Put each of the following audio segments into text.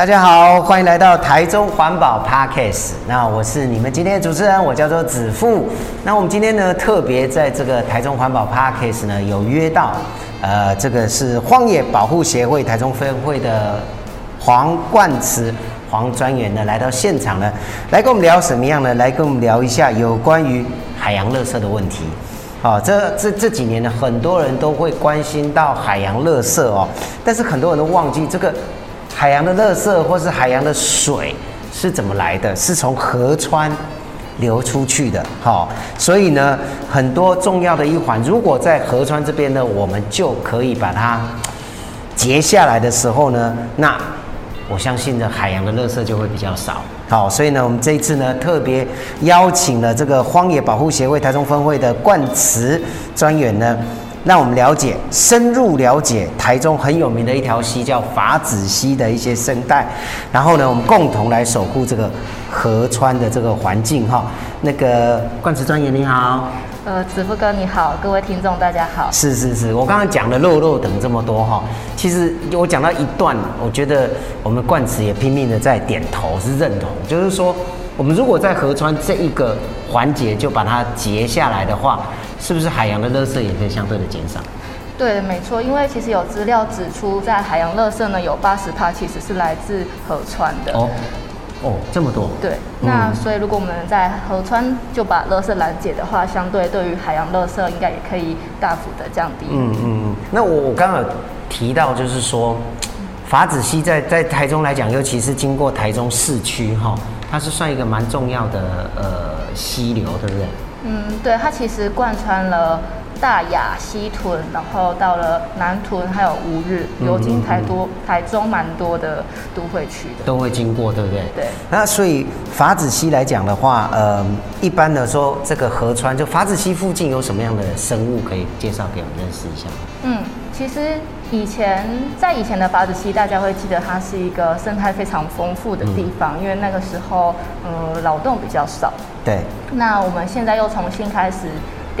大家好，歡迎來到台中環保 Podcast。那我是你們今天的主持人，我叫做子富。那我們今天呢，特別在這個台中環保 Podcast 呢，有約到，呃，這個是荒野保護協會台中分會的黃冠慈黃專員呢，來到現場呢，來跟我們聊什麼樣呢？來跟我們聊一下有關於海洋垃圾的問題。哦，這這這幾年呢，很多人都會關心到海洋垃圾哦，但是很多人都忘記這個。海洋的垃圾或是海洋的水是怎麼來的？是從河川流出去的，好，所以呢，很多重要的一環，如果在河川這邊呢，我們就可以把它截下來的時候呢，那我相信呢，海洋的垃圾就會比較少。好，所以呢，我們這一次呢，特別邀請了這個荒野保護協會台中分會的冠慈專員呢，讓我們了解，深入了解台中很有名的一條溪，叫筏子溪的一些生態，然後呢，我們共同來守護這個河川的這個環境哈。那個冠慈專員你好，呃，子富哥你好，各位聽眾大家好。是是是，我剛剛講的肉肉等這麼多哈，其實我講到一段，我覺得我們冠慈也拼命的在點頭，是認同，就是說，我們如果在河川這一個環節就把它截下來的話，是不是海洋的垃圾也可以相對的減少？對，沒錯，因為其實有資料指出，在海洋垃圾呢，有八十趴其實是來自河川的。哦哦，這麼多。對。嗯、那所以，如果我們能在河川就把垃圾攔截的話，相對對於海洋垃圾應該也可以大幅的降低。嗯嗯。那我我剛剛有提到就是說，筏子溪在在台中來講，尤其是經過台中市區哈，它是算一個蠻重要的呃溪流，對不對？嗯，對，它其實貫穿了，大雅西屯，然後到了南屯，還有烏日，流經、嗯嗯嗯、台多，台中蠻多的都會去的，都會經過，對不對？對。那所以筏子溪來講的話，呃、嗯，一般的說，這個河川就筏子溪附近有什麼樣的生物可以介紹給我們認識一下？嗯，其實以前在以前的筏子溪，大家會記得它是一個生態非常豐富的地方，嗯、因為那個時候，嗯，勞動比較少。對。那我們現在又重新開始。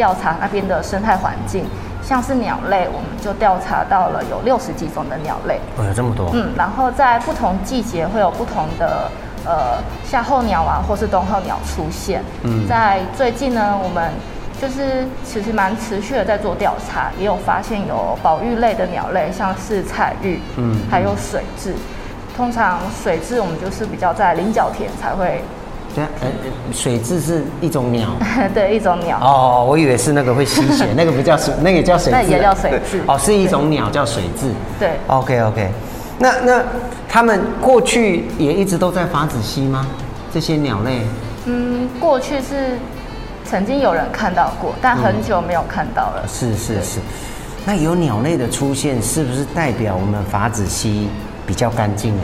調查那邊的生態環境，像是鳥類，我們就調查到了有六十幾種的鳥類。哇，有這麼多！嗯，然後在不同季節會有不同的，呃，夏候鳥啊，或是冬候鳥出現。嗯，在最近呢，我們就是其實蠻持續的在做調查，也有發現有保育類的鳥類，像是彩鷸，嗯，還有水雉。通常水雉我們就是比較在菱角田才會。水雉是一種鳥，對，一種鳥。哦，我以為是那個會吸血， 那個不叫水，那個也叫水、啊。那也叫水對對哦，是一種鳥叫水雉。對。對 OK OK，那那他們過去也一直都在筏子溪嗎？這些鳥類？嗯，過去是曾經有人看到過，但很久沒有看到了。是是、嗯、是。是是對那有鳥類的出現，是不是代表我們筏子溪比較乾淨呢？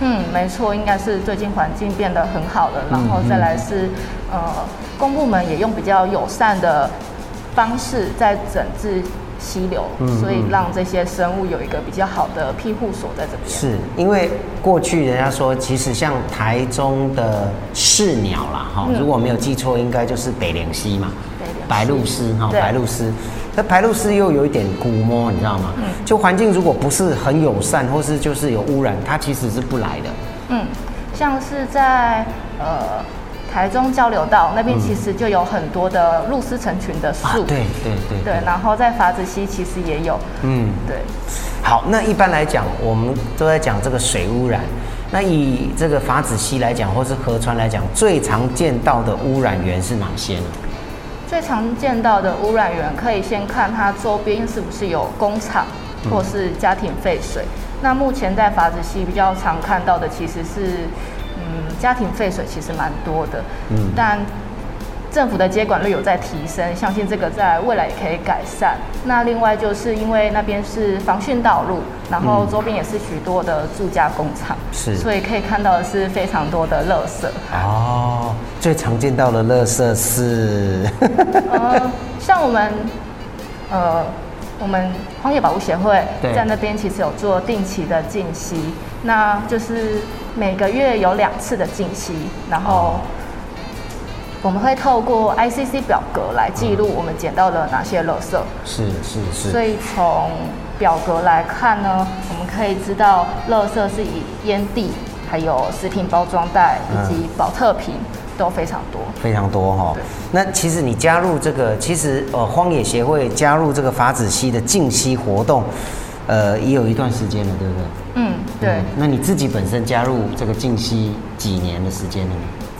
嗯，沒錯，應該是最近環境變得很好了，然後再來是，嗯嗯、呃，公部門也用比較友善的方式在整治溪流，嗯嗯、所以讓這些生物有一個比較好的庇護所在這邊。是因為過去人家說，其實像台中的市鳥啦，哈、哦，嗯、如果沒有記錯，應該就是北蓮溪嘛，北西白鷺鷥哈，哦、對白鷺鷥。那白鷺鷥又有一點龜毛，你知道嗎？嗯，就環境如果不是很友善，或是就是有污染，它其實是不來的。嗯，像是在呃台中交流道那邊，其實就有很多的鷺鷥成群的樹。嗯。啊，對對對，對。對，然後在筏子溪其實也有。嗯，對。好，那一般來講，我們都在講這個水污染。那以這個筏子溪來講，或是河川來講，最常見到的污染源是哪些呢？最常見到的污染源，可以先看它周邊是不是有工廠，或是家庭廢水。嗯、那目前在筏子溪比較常看到的，其實是，嗯，家庭廢水其實蠻多的，嗯，但。政府的接管率有在提升，相信這個在未來也可以改善。那另外就是因為那邊是防汛道路，然後周邊也是許多的住家工廠，嗯，是，所以可以看到的是非常多的垃圾。哦，最常見到的垃圾是， 呃，像我們呃，我們荒野保護協會在那邊其實有做定期的淨溪，那就是每個月有兩次的淨溪，然後，哦。我們會透過 ICC 表格來記錄我們撿到了哪些垃圾。是是是。是是，所以從表格來看呢，我們可以知道，垃圾是以煙蒂，還有食品包裝袋以及保特瓶，嗯、都非常多。非常多哈，哦。對那其實你加入這個，其實呃，荒野協會加入這個筏子溪的淨溪活動，呃，已有一段時間了，對不對？嗯，對，對。那你自己本身加入這個淨溪幾年的時間了？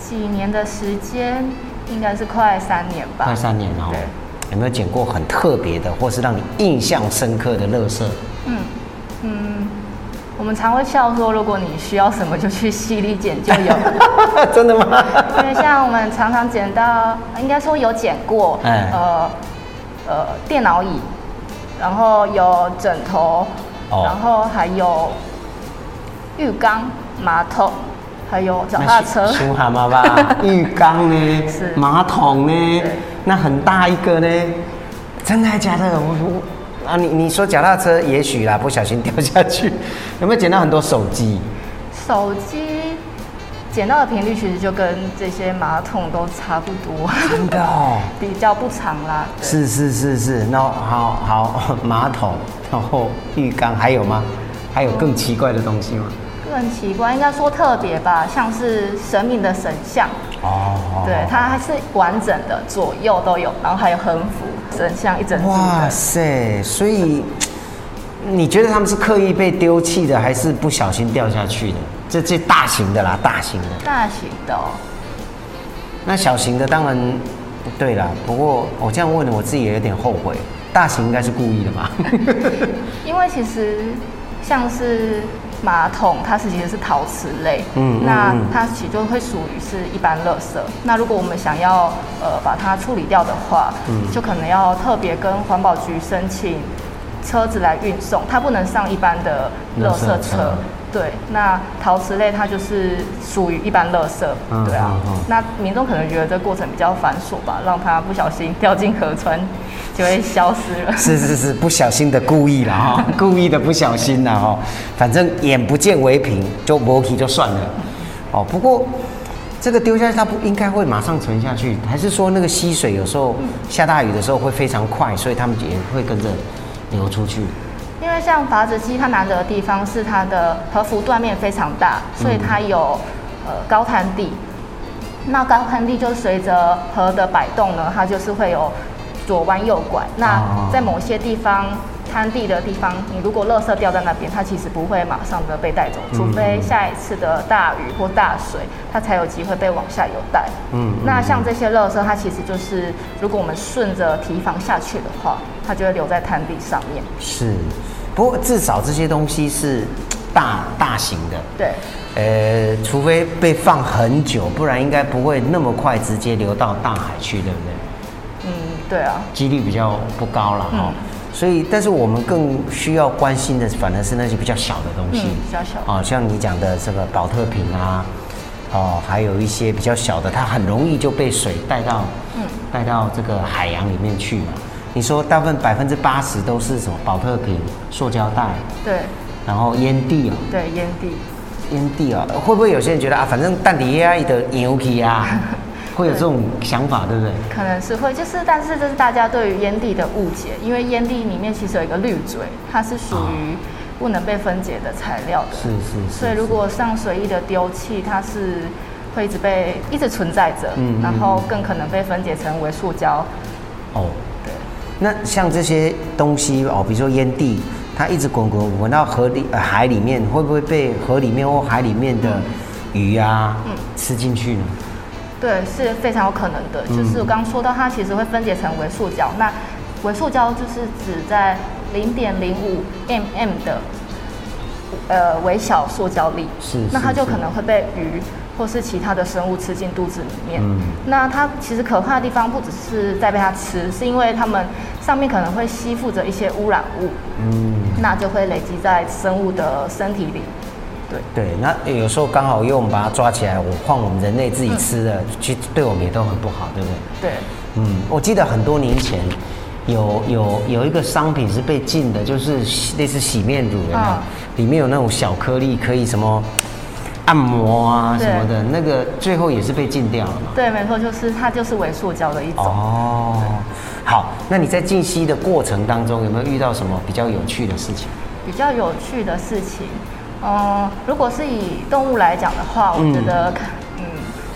幾年的時間，應該是快三年吧。快三年了。喔，對有沒有撿過很特別的，或是讓你印象深刻的垃圾？嗯嗯，我們常會笑說，如果你需要什麼，就去溪裡撿就有。 真的嗎？因為像我們常常撿到，應該說有撿過，哎，呃呃，電腦椅，然後有枕頭，哦，然後還有浴缸、馬桶。還有腳踏車，熊蛤蟆吧？ 浴缸呢？是馬桶呢？那很大一個呢？真的還假的？我我啊，你你說腳踏車也許啦，不小心掉下去，對有沒有撿到很多手機？手機撿到的頻率其實就跟這些馬桶都差不多，真的哦， 比較不常啦。是是是是，那好好馬桶，然後浴缸還有嗎？還有更奇怪的東西嗎？很奇怪，應該說特別吧，像是神明的神像啊，對，它還是完整的，左右都有，然後還有橫幅，神像一整。哇塞！所以對你覺得他們是刻意被丟棄的，還是不小心掉下去的？這這大型的啦，大型的。大型的。哦。那小型的當然不對啦。不過我這樣問了，我自己也有點後悔。大型應該是故意的吧？ 因為其實像是。馬桶它是其實是陶瓷類，嗯，嗯嗯那它其實就會屬於是一般垃圾。那如果我們想要呃把它處理掉的話，嗯，就可能要特別跟環保局申請車子來運送，它不能上一般的垃圾車。垃圾車對，那陶瓷類它就是屬於一般垃圾，對啊。嗯嗯嗯、那民眾可能覺得這過程比較繁瑣吧，讓它不小心掉進河川。就會消失了。是是是，不小心的故意了哈、哦，故意的不小心了哈、哦。反正眼不見為憑，就莫提就算了。哦，不過這個丟下去，它不應該會馬上沉下去，還是說那個溪水有時候下大雨的時候會非常快，所以它們也會跟着流出去。因為像筏子溪，它難得的地方是它的河幅斷面非常大，所以它有、呃、高灘地。那高灘地就隨着河的擺動呢，它就是會有。左彎右拐，那在某些地方哦、灘地的地方，你如果垃圾掉在那邊，它其實不會馬上的被帶走，嗯、除非下一次的大雨或大水，它才有機會被往下游帶。嗯，那像這些垃圾，它其實就是如果我們順着堤防下去的話，它就會留在灘地上面。是，不過至少這些東西是大大型的。對，呃，除非被放很久，不然應該不會那麼快直接流到大海去，嗯、對不對？對啊，幾率比較不高了哈，嗯、所以，但是我們更需要關心的，反而是那些比較小的東西，嗯、比較小啊、哦，像你講的這個寶特瓶啊，哦，還有一些比較小的，它很容易就被水帶到，帶、嗯、到這個海洋裡面去嘛。你說大部分百分之八十都是什麼寶特瓶、塑膠袋，對，然後菸蒂啊、哦，對，菸蒂，菸蒂啊、哦，會不會有些人覺得啊，反正但底 AI 的牛皮啊。 會有這種想法，對，對不對？可能是會，就是，但是這是大家對於菸蒂的誤解，因為菸蒂裡面其實有一個濾嘴，它是屬於不能被分解的材料的。是是、嗯。所以如果上隨意的丟棄，它是會一直被一直存在着，嗯、然後更可能被分解成為塑膠。嗯、對哦，對。那像這些東西哦，比如說菸蒂，它一直滾滾滾到河裡、海裡面，會不會被河裡面或海裡面的魚啊、嗯嗯、吃進去呢？對，是非常有可能的。就是我剛剛說到，它其實會分解成為塑膠。那微塑膠就是指在零點零五 mm 的呃微小塑膠粒，是那它就可能會被魚或是其他的生物吃進肚子裡面。那它其實可怕的地方不只是在被它吃，是因為它們上面可能會吸附着一些汙染物，嗯，那就會累積在生物的身體裡。對對，那有時候剛好因為我們把它抓起來，我換我們人類自己吃的，其、嗯、對我們也都很不好，對不對？對，嗯，我記得很多年前，有有有一個商品是被禁的，就是類似洗面乳的，哦、裡面有那種小顆粒，可以什麼按摩啊對什麼的，那個最後也是被禁掉了嘛。對，沒錯，就是它就是微塑膠的一種。哦，對好，那你在淨溪的過程當中有沒有遇到什麼比較有趣的事情？比較有趣的事情。嗯，如果是以動物來講的話，我覺得，嗯，嗯，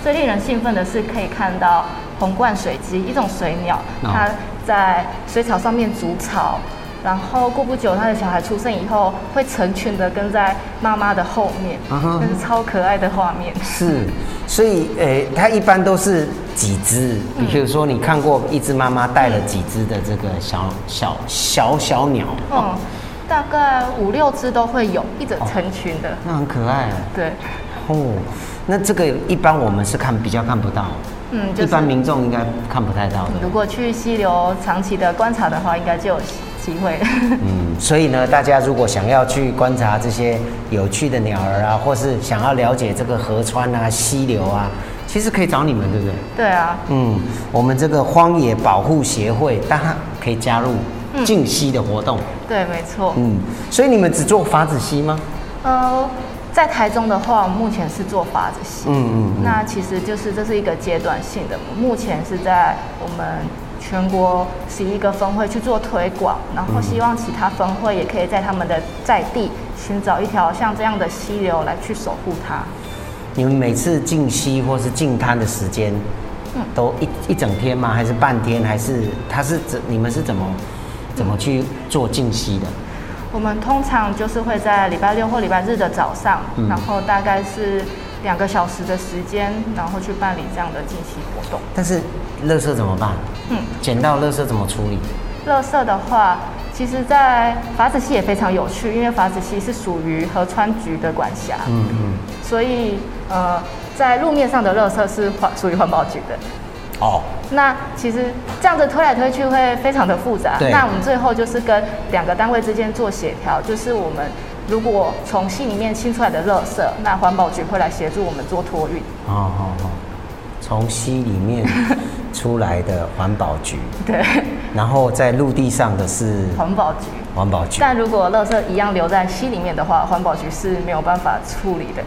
最令人興奮的是可以看到紅冠水雞，一種水鳥，哦、它在水草上面築巢，然後過不久它的小孩出生以後，會成群的跟在媽媽的後面，這、啊、哈是超可愛的畫面。是，所以，哎、欸、它一般都是幾隻，比如說你看過一隻媽媽帶了幾隻的這個小、嗯、小小，小小鳥。嗯哦。大概五六隻都會有一整成群的，哦、那很可愛、啊嗯。對，哦，那這個一般我們是看比較看不到，嗯，就是、一般民眾應該看不太到的、嗯。如果去溪流長期的觀察的話，應該就有機會了。嗯，所以呢，大家如果想要去觀察這些有趣的鳥兒啊，或是想要了解這個河川啊、溪流啊，其實可以找你們，對不對？對啊，嗯，我們這個荒野保護協會，大家可以加入。淨溪的活動，嗯、對，沒錯。嗯，所以你們只做筏子溪嗎？呃，在台中的話，我目前是做筏子溪。嗯,嗯嗯。那其實就是這是一個階段性的，目前是在我們全國十一個分會去做推廣，然後希望其他分會也可以在他們的在地尋找一條像這樣的溪流來去守護它。你們每次淨溪或是淨灘的時間，都一一整天嗎？還是半天？還是它是怎？你們是怎麼？怎麼去做淨溪的，嗯。我們通常就是會在禮拜六或禮拜日的早上，嗯、然後大概是兩個小時的時間，然後去辦理這樣的淨溪活動。但是，垃圾怎麼辦？嗯，撿到垃圾怎麼處理？垃圾的話，其實在筏子溪也非常有趣，因為筏子溪是屬於河川局的管轄。嗯嗯。嗯，所以，呃，在路面上的垃圾是屬於環保局的。哦，oh, 那其實這樣子推來推去會非常的複雜。對。那我們最後就是跟兩個單位之間做協調，就是我們如果從溪裡面清出來的垃圾，那環保局會來協助我們做托運。哦哦哦，從溪裡面出來的環保局。對。 然後在陸地上的是環保局。環 保局。環保局，但如果垃圾一樣留在溪裡面的話，環保局是沒有辦法處理的。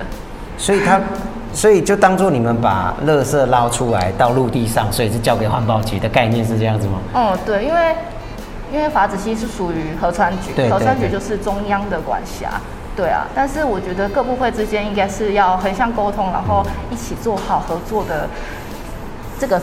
所以它。 所以就當作你們把垃圾撈出來到陸地上，所以是交給環保局的概念是這樣子嗎？哦、嗯，對，因為因為筏子溪是屬於河川局，河對川局就是中央的管轄，對，對，對，對啊。但是我覺得各部會之間應該是要橫向溝通，然後一起做好合作的這個。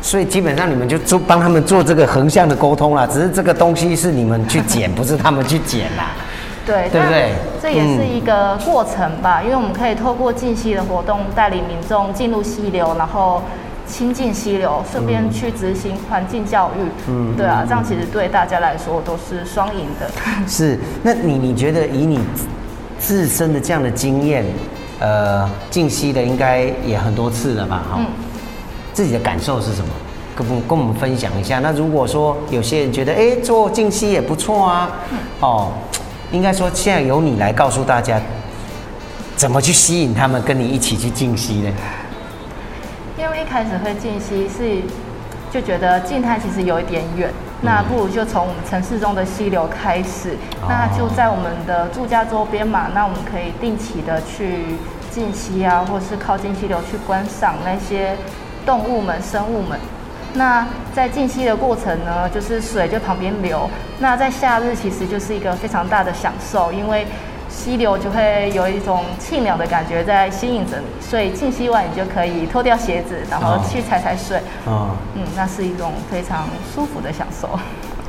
所以基本上你們就做幫他們做這個橫向的溝通啦，只是這個東西是你們去撿，不是他們去撿啦。 對，對對。這也是一個過程吧，嗯、因為我們可以透過淨溪的活動，帶領民眾進入溪流，然後親近溪流，順便去執行環境教育。嗯，嗯嗯對啊，這樣其實對大家來說都是雙贏的。是，那你你覺得以你自身的這樣的經驗，呃，淨溪的應該也很多次了吧？哈、嗯，自己的感受是什麼？跟不跟我們分享一下。那如果說有些人覺得，哎、欸，做淨溪也不錯啊，嗯、哦。應該說，現在由你來告訴大家怎麼去吸引他們跟你一起去淨溪呢？因為一開始會淨溪是就覺得淨灘其實有一點遠，嗯、那不如就從我們城市中的溪流開始。哦、那就在我們的住家周邊嘛，那我們可以定期的去淨溪啊，或是靠近溪流去觀賞那些動物們、生物們。那在淨溪的過程呢，就是水就旁邊流。那在夏日其實就是一個非常大的享受，因為溪流就會有一種沁涼的感覺在吸引着你。所以淨溪完你就可以脫掉鞋子，然後去踩踩水。嗯、哦哦、嗯，那是一種非常舒服的享受。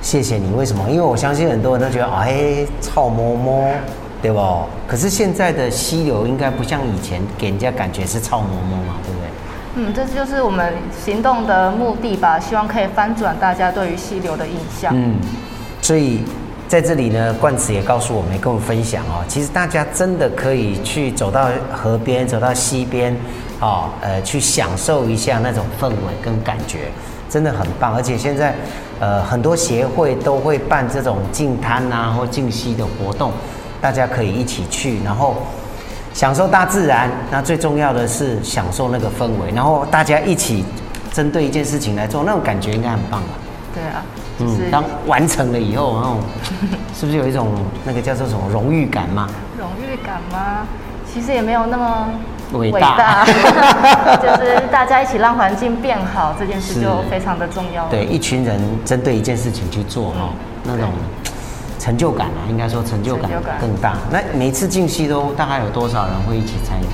謝謝你。為什麼？因為我相信很多人都覺得哎，臭摸摸，對不？可是現在的溪流應該不像以前給人家感覺是臭摸摸嘛，對不對？嗯，這就是我們行動的目的吧，希望可以翻轉大家對於溪流的印象。嗯，所以在這裡呢，冠慈也告訴我們，跟我們分享哦，其實大家真的可以去走到河邊，走到溪邊，哦，呃，去享受一下那種氛圍跟感覺，真的很棒。而且現在，呃，很多協會都會辦這種淨灘啊或淨溪的活動，大家可以一起去，然後。享受大自然，那最重要的是享受那個氛圍，然後大家一起針對一件事情來做，那種感覺應該很棒吧？對啊，就是、嗯，當完成了以後，然後、嗯哦、是不是有一種那個叫做什麼榮譽感嘛？榮譽感嗎？其實也沒有那麼偉大， 就是大家一起讓環境變好這件事就非常的重要了。對，一群人針對一件事情去做，嗯、哦，那種。成就感啊，應該說成就感更大。那每次淨溪都大概有多少人會一起參與？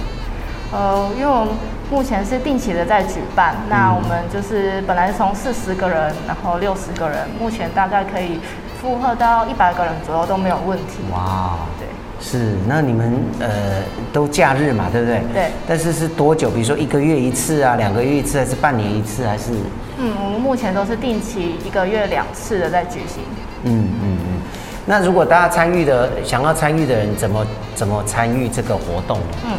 呃，因為我們目前是定期的在舉辦，嗯、那我們就是本來從四十個人，然後六十個人，目前大概可以負荷到一百個人左右都沒有問題。哇、嗯，對，是。那你們呃都假日嘛，對不對？嗯、對。但是是多久？比如說一個月一次啊，兩個月一次，還是半年一次，還是？嗯，我們目前都是定期一個月兩次的在舉行。嗯嗯。嗯那如果大家參與的想要參與的人怎麼怎麼參與這個活動？嗯，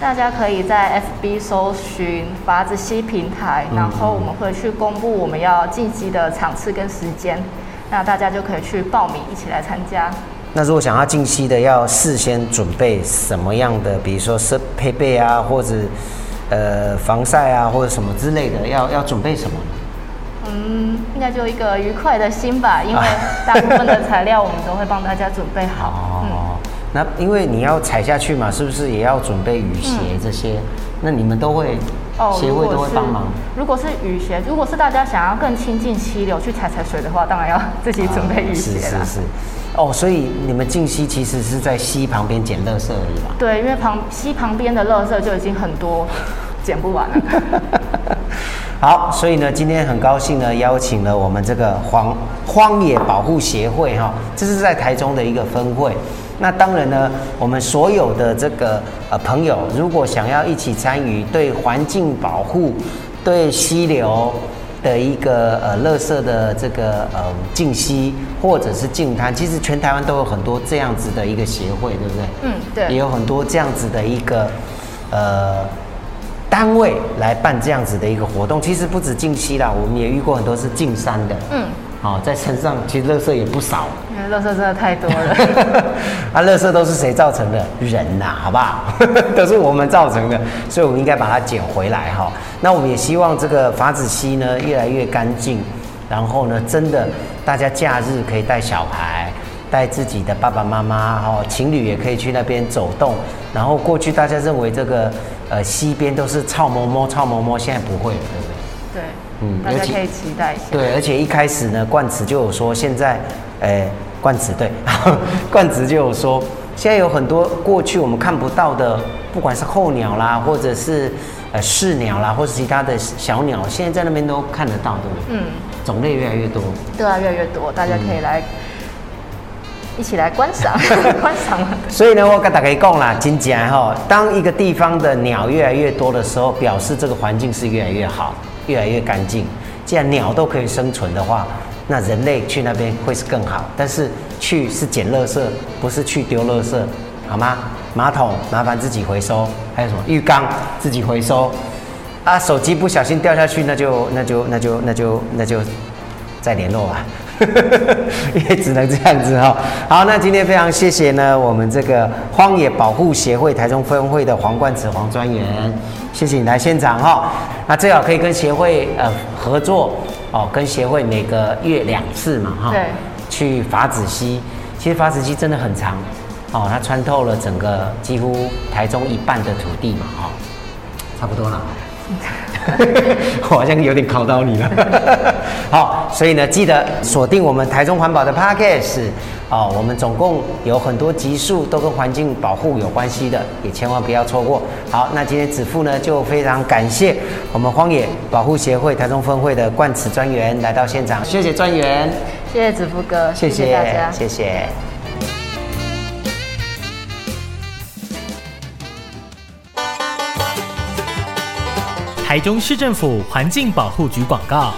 大家可以在 FB 搜尋“筏子溪平台”，然後我們會去公布我們要淨溪的場次跟時間，嗯嗯嗯，那大家就可以去報名一起來參加。那如果想要淨溪的，要事先準備什麼樣的？比如說設備啊，或者呃防曬啊，或者什麼之類的，要要準備什麼？嗯，應該就一個愉快的心吧，因為大部分的材料我們都會幫大家準備好。嗯、哦，那因為你要踩下去嘛，是不是也要準備雨鞋、嗯、這些？那你們都會，哦，協會都會幫忙。如果是雨鞋，如果是大家想要更親近溪流去踩踩水的話，當然要自己準備雨鞋、哦、是是是，哦，所以你們淨溪其實是在溪旁邊撿垃圾而已嘛。對，因為旁溪旁邊的垃圾就已經很多，撿不完了。 好，所以呢，今天很高興呢，邀請了我們這個荒荒野保護協會哈、哦，這是在台中的一個分會。那當然呢，我們所有的這個呃朋友，如果想要一起參與對環境保護、對溪流的一個呃垃圾的這個呃淨溪或者是淨灘，其實全台灣都有很多這樣子的一個協會，對不對？嗯，對。也有很多這樣子的一個呃。單位來辦這樣子的一個活動，其實不止淨溪啦，我們也遇過很多是淨山的。嗯，哦，在山上其實垃圾也不少。嗯，垃圾真的太多了。 啊，垃圾都是誰造成的？人吶、啊，好不好？ 都是我們造成的，所以我們應該把它撿回來哈、哦。那我們也希望這個筏子溪呢越來越乾淨，然後呢，真的大家假日可以帶小孩、帶自己的爸爸媽媽哈、哦，情侶也可以去那邊走動。然後過去大家認為這個。呃，西邊都是草摸摸，草摸摸，現在不會了。對，對，對。嗯，大家可以期待一下。對，而且一開始呢，冠慈就有說，現在，誒、呃，冠慈對，冠 慈就有說，現在有很多過去我們看不到的，不管是候鳥啦，或者是，呃，市鳥啦，或者其他的小鳥，現在在那邊都看得到，的嗯，種類越來越多。對啊，越來越多，大家可以來。嗯一起來觀賞，觀賞、啊、 所以呢，我跟大家一講啦，很簡單吼。當一個地方的鳥越來越多的時候，表示這個環境是越來越好，越來越乾淨。既然鳥都可以生存的話，那人類去那邊會是更好。但是去是撿垃圾，不是去丟垃圾，好嗎？馬桶麻煩自己回收，還有什麼浴缸自己回收。啊，手機不小心掉下去，那就那就那就那就那就，那就再聯絡吧、啊。 也只能這樣子哈、喔。好，那今天非常謝謝呢，我們這個荒野保護協會台中分會的黃冠慈、黃專員，謝謝你來現場哈、喔。那最好可以跟協會呃合作哦、喔，跟協會每個月兩次嘛哈。喔、對。去筏子溪，其實筏子溪真的很長哦、喔，它穿透了整個幾乎台中一半的土地嘛哈、喔。差不多了。 我好像有點考到你了， 好，所以呢，記得鎖定我們台中環保的 Podcast 哦，我們總共有很多集數都跟環境保護有關係的，也千萬不要錯過。好，那今天子富呢就非常感謝我們荒野保護協會台中分會的冠慈專員來到現場，謝謝專員，謝謝子富哥，謝謝大家，謝謝。台中市政府環境保護局廣告。